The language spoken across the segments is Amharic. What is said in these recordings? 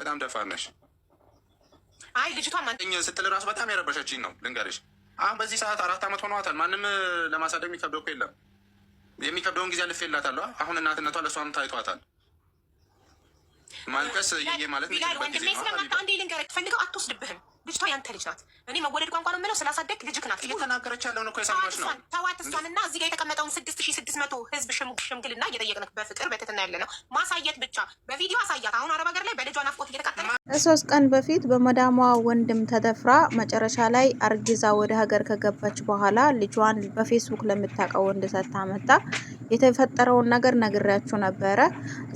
በጣም ደፋር ነሽ። አይ ልጅቷ ስትል ራሱ በጣም የረበሸችኝ ነው ልንገርሽ። አሁን በዚህ ሰዓት አራት ዓመት ሆነዋታል። ማንም ለማሳደግ የሚከብደው እኮ የለም። የሚከብደውን ጊዜ አልፌላታለሁ። አሁን እናትነቷ ለእሷም ታይቷታል። ማልቀስ ይ ማለት ነው። ወንድሜ ስለማታ አንዴ ልንገርህ ትፈልገው አትወስድብህም ልጅቷ ያንተ ልጅ ናት። እኔ መወደድ ቋንቋ ነው የምለው ስላሳደግ ልጅክ ናት እየተናገረች ያለው ነው። ነው ተዋት እሷን እና እዚህ ጋር የተቀመጠውን ስድስት ሺ ስድስት መቶ ህዝብ ሽምግልና እየጠየቅንክ በፍቅር በትትና ያለ ነው ማሳየት ብቻ በቪዲዮ አሳያት። አሁን አረብ ሀገር ላይ በልጇ ናፍቆት እየተቃጠለ ከሶስት ቀን በፊት በመዳሟ ወንድም ተደፍራ መጨረሻ ላይ አርጊዛ ወደ ሀገር ከገባች በኋላ ልጇን በፌስቡክ ለምታውቀው ወንድ ሰታ መጣ። የተፈጠረውን ነገር ነግሬያችሁ ነበረ።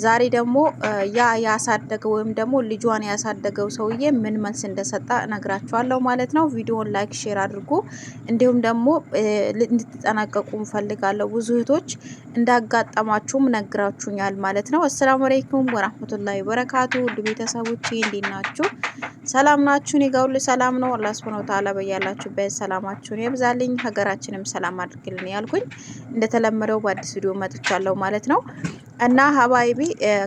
ዛሬ ደግሞ ያ ያሳደገው ወይም ደግሞ ልጇን ያሳደገው ሰውዬ ምን መልስ እንደሰጠ ነግራችኋለሁ ማለት ነው። ቪዲዮን ላይክ፣ ሼር አድርጉ። እንዲሁም ደግሞ እንድትጠናቀቁ እንፈልጋለሁ። ብዙ እህቶች እንዳጋጠማችሁም ነግራችሁኛል ማለት ነው። አሰላሙ አለይኩም ወራህመቱላሂ ወበረካቱ ውድ ቤተሰቦቼ እንዴት ናችሁ? ሰላም ናችሁ? እኔ ጋር ሁሉ ሰላም ነው። አላህ ሱብሐነሁ ወተዓላ በያላችሁበት ሰላማችሁን ያብዛልኝ፣ ሀገራችንም ሰላም አድርግልን ያልኩኝ እንደተለመደው በአዲስ ቪዲዮ መጥቻለሁ ማለት ነው። እና ሀባይቢ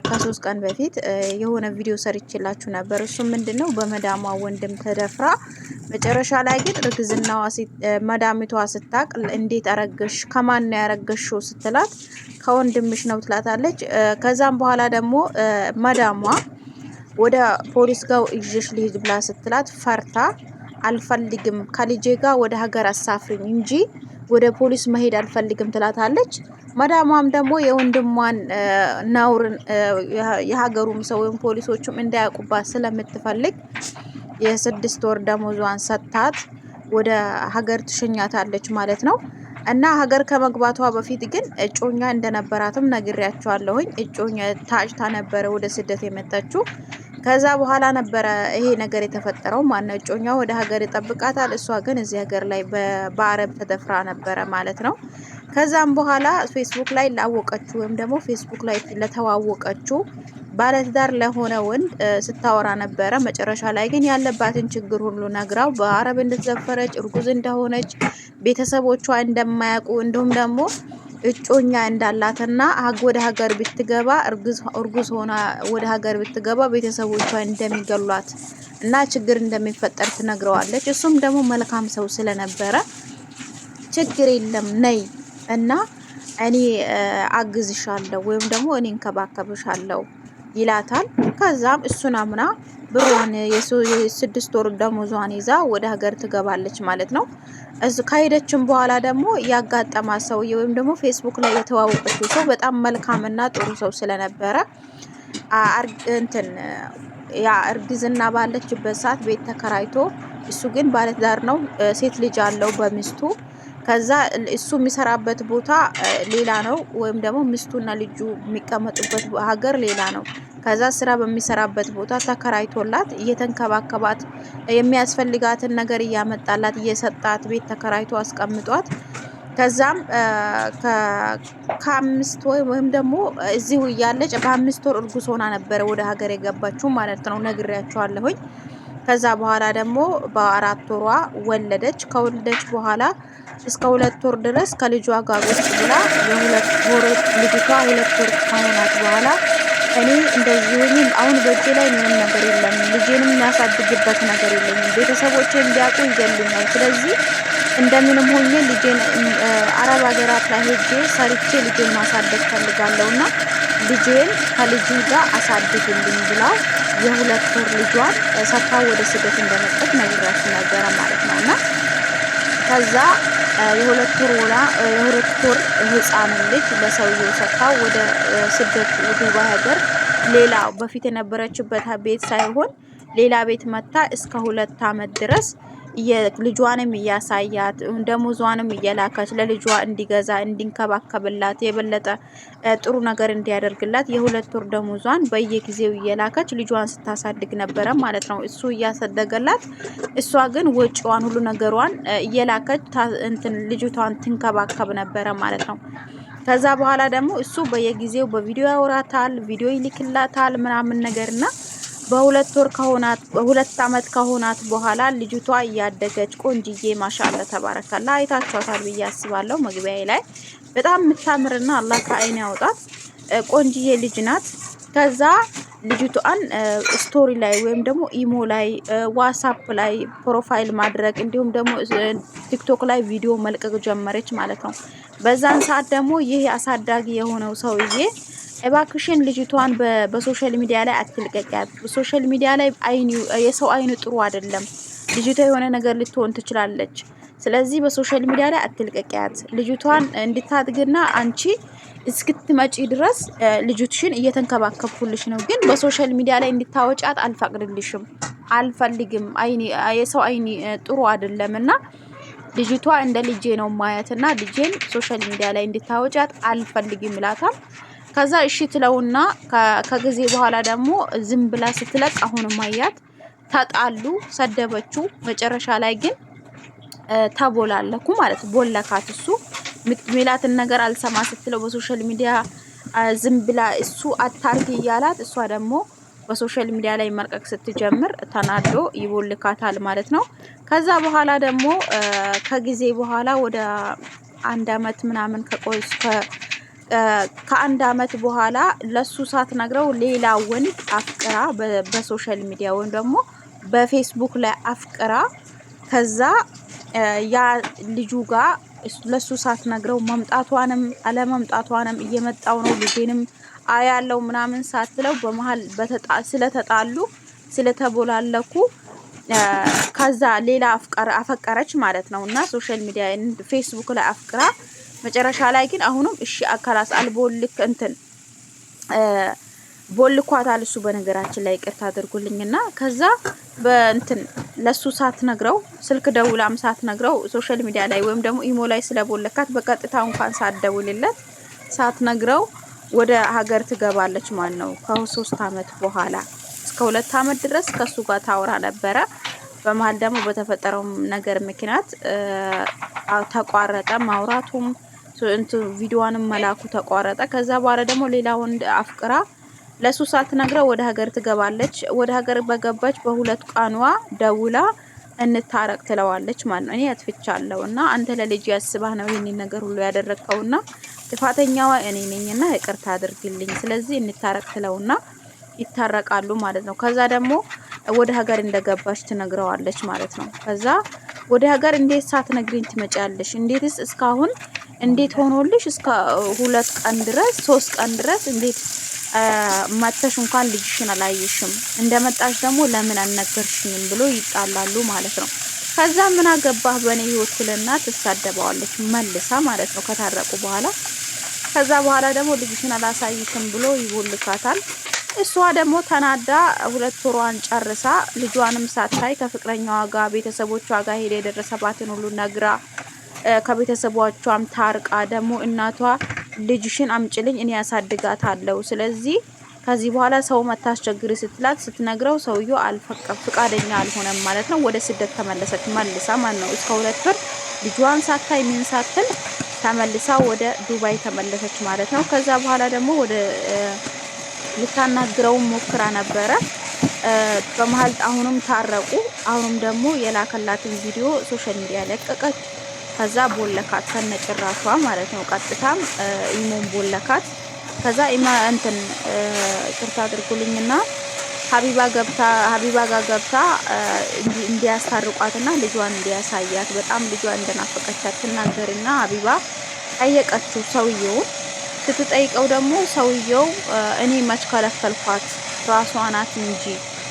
ከሶስት ቀን በፊት የሆነ ቪዲዮ ሰርችላችሁ ነበር። እሱ ምንድን ነው በመዳሟ ወንድም ተደፍራ መጨረሻ ላይ ግን እርግዝናዋ መዳሚቷ ስታቅ እንዴት አረገሽ ከማን ነው ያረገሽው ስትላት ከወንድምሽ ነው ትላታለች። ከዛም በኋላ ደግሞ መዳሟ ወደ ፖሊስ ጋው ይዤሽ ልሂድ ብላ ስትላት ፈርታ አልፈልግም ከልጄ ጋር ወደ ሀገር አሳፍሪኝ እንጂ ወደ ፖሊስ መሄድ አልፈልግም ትላታለች። መዳሟም ደግሞ የወንድሟን ነውር የሀገሩም ሰው ወይም ፖሊሶቹም እንዳያውቁባት ስለምትፈልግ የስድስት ወር ደሞዟን ሰጥታት ወደ ሀገር ትሸኛታለች ማለት ነው። እና ሀገር ከመግባቷ በፊት ግን እጮኛ እንደነበራትም ነግሬያቸዋለሁኝ። እጮኛ ታጭታ ነበረ ወደ ስደት የመጣችው። ከዛ በኋላ ነበረ ይሄ ነገር የተፈጠረው። ነው። እጮኛው ወደ ሀገር ይጠብቃታል፣ እሷ ግን እዚህ ሀገር ላይ በአረብ ተደፍራ ነበረ ማለት ነው። ከዛም በኋላ ፌስቡክ ላይ ላወቀችው ወይም ደግሞ ፌስቡክ ላይ ለተዋወቀችው ባለትዳር ለሆነ ወንድ ስታወራ ነበረ። መጨረሻ ላይ ግን ያለባትን ችግር ሁሉ ነግራው በአረብ እንደተዘፈረች እርጉዝ እንደሆነች ቤተሰቦቿ እንደማያውቁ እንዲሁም ደግሞ እጮኛ እንዳላትና ወደ ሀገር ብትገባ እርጉዝ ሆና ወደ ሀገር ብትገባ ቤተሰቦቿ እንደሚገሏት እና ችግር እንደሚፈጠር ትነግረዋለች። እሱም ደግሞ መልካም ሰው ስለነበረ ችግር የለም ነይ እና እኔ አግዝሻለሁ ወይም ደግሞ እኔ እንከባከብሻለሁ ይላታል። ከዛም እሱን አምና ብሯን የስድስት ወር ደሞዟን ይዛ ወደ ሀገር ትገባለች ማለት ነው። እዚ ከሄደችም በኋላ ደግሞ ያጋጠማ ሰውዬ ወይም ደግሞ ፌስቡክ ላይ የተዋወቀችው ሰው በጣም መልካምና ጥሩ ሰው ስለነበረ እንትን ያ እርግዝና ባለችበት ሰዓት ቤት ተከራይቶ እሱ ግን ባለትዳር ነው፣ ሴት ልጅ አለው በሚስቱ ከዛ እሱ የሚሰራበት ቦታ ሌላ ነው፣ ወይም ደግሞ ሚስቱና ልጁ የሚቀመጡበት ሀገር ሌላ ነው። ከዛ ስራ በሚሰራበት ቦታ ተከራይቶላት እየተንከባከባት የሚያስፈልጋትን ነገር እያመጣላት እየሰጣት ቤት ተከራይቶ አስቀምጧት ከዛም ከአምስት ወር ወይም ደግሞ እዚሁ እያለች በአምስት ወር እርጉዝ ሆና ነበረ ወደ ሀገር የገባችው ማለት ነው። ነግሬያቸዋለሁኝ። ከዛ በኋላ ደግሞ በአራት ወሯ ወለደች። ከወለደች በኋላ እስከ ሁለት ወር ድረስ ከልጇ ጋር ቁጭ ብላ የሁለት ወር ልጅቷ ሁለት ወር ከሆናት በኋላ እኔ እንደዚህ አሁን በእጄ ላይ ምንም ነገር የለም፣ ልጄንም የሚያሳድግበት ነገር የለኝም። ቤተሰቦቼ እንዲያውቁ ይገሉኛል። ስለዚህ እንደምንም ሆኜ ልጄን አረብ ሀገራት ላይ ሄጄ ሰርቼ ልጄን ማሳደግ ፈልጋለሁ እና ልጄን ከልጅ ጋር አሳድግልኝ ብላው የሁለት ወር ልጇን ሰፋ ወደ ስደት እንደመጠት ነግራችሁ ነበረ ማለት ነው እና ከዛ የሁለት ወር ወላ የሁለት ወር ህፃን ልጅ ለሰውየው ሰጥታ ወደ ስደት ዱባይ ሀገር ሌላ በፊት የነበረችበት ቤት ሳይሆን ሌላ ቤት መታ እስከ ሁለት አመት ድረስ ልጇንም እያሳያት ደሞዟንም እየላከች ለልጇ እንዲገዛ እንዲንከባከብላት የበለጠ ጥሩ ነገር እንዲያደርግላት የሁለት ወር ደሞዟን በየጊዜው እየላከች ልጇን ስታሳድግ ነበረ ማለት ነው። እሱ እያሳደገላት፣ እሷ ግን ወጪዋን ሁሉ ነገሯን እየላከች ልጅቷን ትንከባከብ ነበረ ማለት ነው። ከዛ በኋላ ደግሞ እሱ በየጊዜው በቪዲዮ ያወራታል፣ ቪዲዮ ይልክላታል ምናምን ነገርና በሁለት ወር ከሆናት በሁለት አመት ከሆናት በኋላ ልጅቷ እያደገች ቆንጅዬ ማሻአላ ተባረካላ አይታችኋታል ብዬ አስባለሁ። መግቢያ ላይ በጣም የምታምርና አላህ ከአይን ያውጣት ቆንጅዬ ልጅ ናት። ከዛ ልጅቷን ስቶሪ ላይ ወይም ደግሞ ኢሞ ላይ ዋትሳፕ ላይ ፕሮፋይል ማድረግ እንዲሁም ደግሞ ቲክቶክ ላይ ቪዲዮ መልቀቅ ጀመረች ማለት ነው። በዛን ሰዓት ደግሞ ይህ አሳዳጊ የሆነው ሰውዬ እባክሽን ልጅቷን በሶሻል ሚዲያ ላይ አትልቀቂያት። በሶሻል ሚዲያ ላይ የሰው አይኑ ጥሩ አይደለም። ልጅቷ የሆነ ነገር ልትሆን ትችላለች። ስለዚህ በሶሻል ሚዲያ ላይ አትልቀቂያት። ልጅቷን እንድታድግና አንቺ እስክትመጪ ድረስ ልጅትሽን እየተንከባከብኩልሽ ነው፣ ግን በሶሻል ሚዲያ ላይ እንድታወጫት አልፈቅድልሽም፣ አልፈልግም። የሰው አይኒ ጥሩ አይደለም እና ልጅቷ እንደ ልጄ ነው ማየት እና ልጄን ሶሻል ሚዲያ ላይ እንድታወጫት አልፈልግም ይላታል። ከዛ እሺ ትለውና ከጊዜ በኋላ ደግሞ ዝም ብላ ስትለቅ አሁንም አያት። ተጣሉ፣ ሰደበችው። መጨረሻ ላይ ግን ተቦላለኩ ማለት ቦለካት። እሱ ሚላትን ነገር አልሰማ ስትለው በሶሻል ሚዲያ ዝም ብላ እሱ አታርጊ እያላት እሷ ደግሞ በሶሻል ሚዲያ ላይ መልቀቅ ስትጀምር ተናዶ ይቦልካታል ማለት ነው። ከዛ በኋላ ደግሞ ከጊዜ በኋላ ወደ አንድ አመት ምናምን ከቆይ ከአንድ አመት በኋላ ለሱ ሳትነግረው ሌላ ወንድ አፍቅራ በሶሻል ሚዲያ ወይም ደግሞ በፌስቡክ ላይ አፍቅራ ከዛ ያ ልጁ ጋር ለሱ ሳትነግረው መምጣቷንም አለመምጣቷንም እየመጣው ነው ልጄንም አያለው ምናምን ሳትለው በመሀል ስለተጣሉ ስለተቦላለኩ ከዛ ሌላ አፈቀረች ማለት ነው። እና ሶሻል ሚዲያ ፌስቡክ ላይ አፍቅራ መጨረሻ ላይ ግን አሁንም እሺ አካላስ አልቦልክ እንትን ቦልኳታል። እሱ በነገራችን ላይ ይቅርታ አድርጉልኝና ከዛ በእንትን ለሱ ሳትነግረው ስልክ ደውላም ሳትነግረው ሶሻል ሚዲያ ላይ ወይም ደግሞ ኢሞ ላይ ስለቦለካት በቀጥታ እንኳን ሳት ሳትነግረው ወደ ሀገር ትገባለች ማለት ነው። ከሶስት አመት በኋላ እስከ ሁለት አመት ድረስ ከሱ ጋር ታወራ ነበረ። በመሀል ደግሞ በተፈጠረው ነገር ምክንያት ተቋረጠ ማውራቱም ቪዲዮዋንም መላኩ ተቋረጠ። ከዛ በኋላ ደግሞ ሌላ ወንድ አፍቅራ ለሱ ሳትነግረው ወደ ሀገር ትገባለች። ወደ ሀገር በገባች በሁለት ቀኗ ደውላ እንታረቅ ትለዋለች ማለት ነው። እኔ አጥፍቻለሁ እና አንተ ለልጅ ያስባህ ነው ይህንን ነገር ሁሉ ያደረግከውና ጥፋተኛዋ እኔ ነኝና ይቅርታ አድርግልኝ፣ ስለዚህ እንታረቅ ትለውና ይታረቃሉ ማለት ነው። ከዛ ደግሞ ወደ ሀገር እንደገባች ትነግረዋለች ማለት ነው። ከዛ ወደ ሀገር እንዴት ሳትነግሪኝ ትመጫለሽ? እንዴትስ እስካሁን እንዴት ሆኖልሽ እስከ ሁለት ቀን ድረስ ሶስት ቀን ድረስ እንዴት መተሽ እንኳን ልጅሽን አላየሽም፣ እንደመጣሽ ደግሞ ለምን አልነገርሽኝም ብሎ ይጣላሉ ማለት ነው። ከዛ ምን አገባህ በእኔ ህይወት ትልና ትሳደበዋለች መልሳ ማለት ነው። ከታረቁ በኋላ ከዛ በኋላ ደግሞ ልጅሽን አላሳይሽም ብሎ ይቦልካታል። እሷ ደግሞ ተናዳ ሁለት ወሯን ጨርሳ ልጇንም ሳታይ ከፍቅረኛዋ ጋር ቤተሰቦቿ ጋር ሄደ የደረሰባትን ሁሉ ነግራ ከቤተሰቦቿም ታርቃ ደግሞ እናቷ ልጅሽን አምጭልኝ እኔ ያሳድጋት አለው። ስለዚህ ከዚህ በኋላ ሰው መታስቸግሪ ስትላት ስትነግረው ሰውየው አልፈቀም ፍቃደኛ አልሆነም ማለት ነው። ወደ ስደት ተመለሰች መልሳ ማለት ነው። እስከ ሁለት ብር ልጇን ሳታይ ምን ሳትል ተመልሳ ወደ ዱባይ ተመለሰች ማለት ነው። ከዛ በኋላ ደግሞ ወደ ልታናግረው ሞክራ ነበረ። በመሀል አሁንም ታረቁ። አሁንም ደግሞ የላከላትን ቪዲዮ ሶሻል ሚዲያ ለቀቀች። ከዛ ቦለካት ከነጭራቷ ማለት ነው። ቀጥታም ኢሞን ቦለካት። ከዛ ኢማ እንትን ቅርታ አድርጉልኝና ሀቢባ ገብታ ሀቢባ ጋር ገብታ እንዲያስታርቋትና ልጇን እንዲያሳያት በጣም ልጇን እንደናፈቀቻት ትናገርና ሀቢባ ጠየቀችው ሰውየውን። ስትጠይቀው ደግሞ ሰውየው እኔ መች ከለፈልኳት ራሷ ናት እንጂ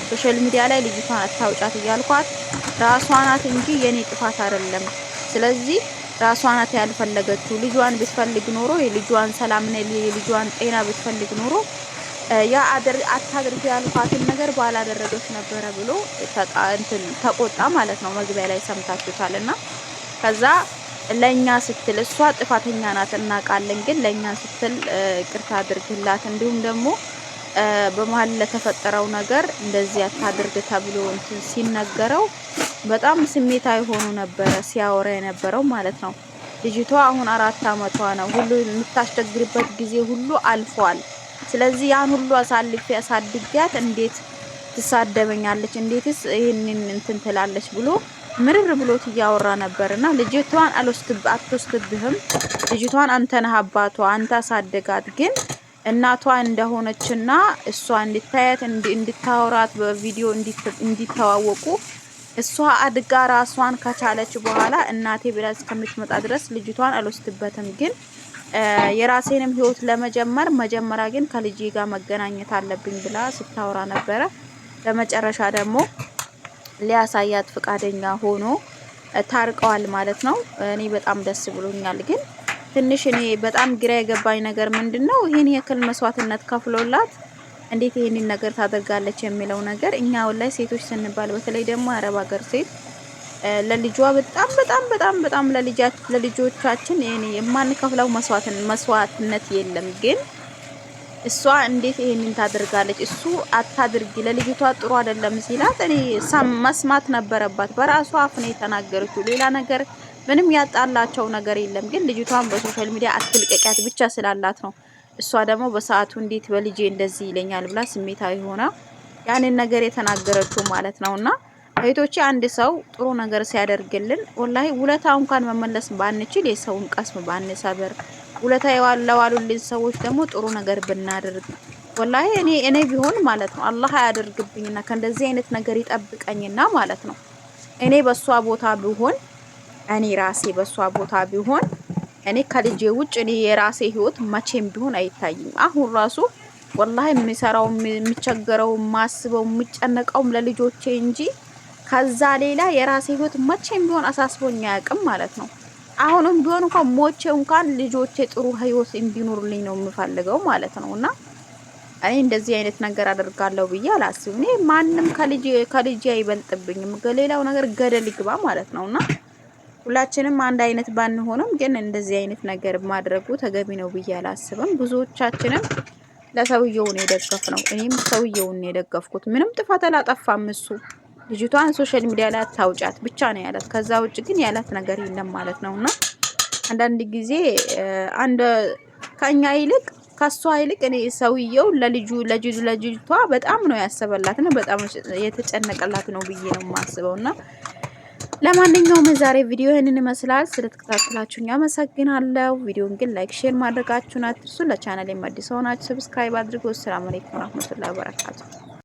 ሶሻል ሚዲያ ላይ ልጅቷን አታውጫት እያልኳት ራሷ ናት እንጂ የእኔ ጥፋት አይደለም ስለዚህ ራሷ ናት ያልፈለገችው። ልጇን ብትፈልግ ኖሮ የልጇን ሰላምና የልጇን ጤና ብትፈልግ ኖሮ ያ አታድርግ ያልኳትን ነገር ባላደረገች ነበረ ብሎ ተቆጣ ማለት ነው። መግቢያ ላይ ሰምታችሁታል። እና ከዛ ለእኛ ስትል እሷ ጥፋተኛ ናት እናውቃለን፣ ግን ለእኛ ስትል ቅርታ አድርግላት፣ እንዲሁም ደግሞ በመሀል ለተፈጠረው ነገር እንደዚህ አታድርግ ተብሎ እንትን ሲነገረው በጣም ስሜታዊ ሆኖ ነበረ ሲያወራ የነበረው ማለት ነው። ልጅቷ አሁን አራት አመቷ ነው። ሁሉ የምታስቸግርበት ጊዜ ሁሉ አልፏል። ስለዚህ ያን ሁሉ አሳልፌ አሳድጊያት እንዴት ትሳደበኛለች? እንዴትስ ይህንን እንትን ትላለች ብሎ ምርር ብሎት እያወራ ነበርና ልጅቷን አትወስድብህም፣ ልጅቷን አንተ ነህ አባቷ፣ አንተ አሳደጋት። ግን እናቷ እንደሆነችና እሷ እንድታያት እንድታወራት በቪዲዮ እንዲተዋወቁ እሷ አድጋ ራሷን ከቻለች በኋላ እናቴ ብላ እስከምትመጣ ድረስ ልጅቷን አልወስድበትም። ግን የራሴንም ህይወት ለመጀመር መጀመሪያ ግን ከልጅ ጋር መገናኘት አለብኝ ብላ ስታወራ ነበረ። በመጨረሻ ደግሞ ሊያሳያት ፈቃደኛ ሆኖ ታርቀዋል ማለት ነው። እኔ በጣም ደስ ብሎኛል። ግን ትንሽ እኔ በጣም ግራ የገባኝ ነገር ምንድን ነው ይህን የክል መስዋዕትነት ከፍሎላት እንዴት ይሄንን ነገር ታደርጋለች የሚለው ነገር እኛ አሁን ላይ ሴቶች ስንባል በተለይ ደግሞ አረብ ሀገር ሴት ለልጇ በጣም በጣም በጣም በጣም ለልጆቻችን የማንከፍለው መስዋዕትነት የለም ግን እሷ እንዴት ይሄንን ታደርጋለች? እሱ አታድርጊ ለልጅቷ ጥሩ አይደለም ሲላት እኔ መስማት ነበረባት። በራሷ አፍ ነው የተናገረችው። ሌላ ነገር ምንም ያጣላቸው ነገር የለም። ግን ልጅቷን በሶሻል ሚዲያ አትልቀቂያት ብቻ ስላላት ነው እሷ ደግሞ በሰዓቱ እንዴት በልጄ እንደዚህ ይለኛል ብላ ስሜታዊ ሆና ያንን ነገር የተናገረችው ማለት እና እህቶቼ አንድ ሰው ጥሩ ነገር ሲያደርግልን ወላሂ ውለታ እንኳን መመለስ ባንችል የሰውን ቀስም ባንሰብር፣ ውለታ የዋለዋሉልን ሰዎች ደግሞ ጥሩ ነገር ብናደርግ ወላሂ እኔ እኔ ቢሆን ማለት ነው አላህ አያደርግብኝና ከእንደዚህ አይነት ነገር ይጠብቀኝና ማለት ነው እኔ በሷ ቦታ ቢሆን እኔ ራሴ በሷ ቦታ ቢሆን እኔ ከልጄ ውጭ እኔ የራሴ ህይወት መቼም ቢሆን አይታይም። አሁን ራሱ ወላሂ የምሰራው የምቸገረው ማስበው የምጨነቀውም ለልጆቼ እንጂ ከዛ ሌላ የራሴ ህይወት መቼም ቢሆን አሳስቦኝ አያውቅም ማለት ነው። አሁንም ቢሆን እንኳን ሞቼ እንኳን ልጆቼ ጥሩ ህይወት እንዲኖርልኝ ነው የምፈልገው ማለት ነው። እና እኔ እንደዚህ አይነት ነገር አደርጋለሁ ብዬ አላስብም። እኔ ማንም ከልጅ ከልጅ አይበልጥብኝም። ሌላው ነገር ገደል ይግባ ማለት ነው እና ሁላችንም አንድ አይነት ባንሆንም ግን እንደዚህ አይነት ነገር ማድረጉ ተገቢ ነው ብዬ አላስብም። ብዙዎቻችንም ለሰውየው ነው የደገፍነው። እኔም ሰውየውን ነው የደገፍኩት። ምንም ጥፋት አላጠፋም እሱ። ልጅቷን ሶሻል ሚዲያ ላይ አታውጫት ብቻ ነው ያላት። ከዛ ውጭ ግን ያላት ነገር የለም ማለት ነው። እና አንዳንድ ጊዜ አንድ ከኛ ይልቅ ከሷ ይልቅ እኔ ሰውየው ለልጁ ለልጁ ለልጅቷ በጣም ነው ያሰበላት ነው በጣም የተጨነቀላት ነው ብዬ ነው የማስበው እና ለማንኛውም ዛሬ ቪዲዮ ይህንን ይመስላል። ስለተከታተላችሁኝ አመሰግናለሁ። ቪዲዮን ግን ላይክ፣ ሼር ማድረጋችሁን አትርሱ። ለቻናል የማዲስ ሆናችሁ ሰብስክራይብ አድርጉ። ሰላም አለይኩም ወራህመቱላሂ ወበረካቱ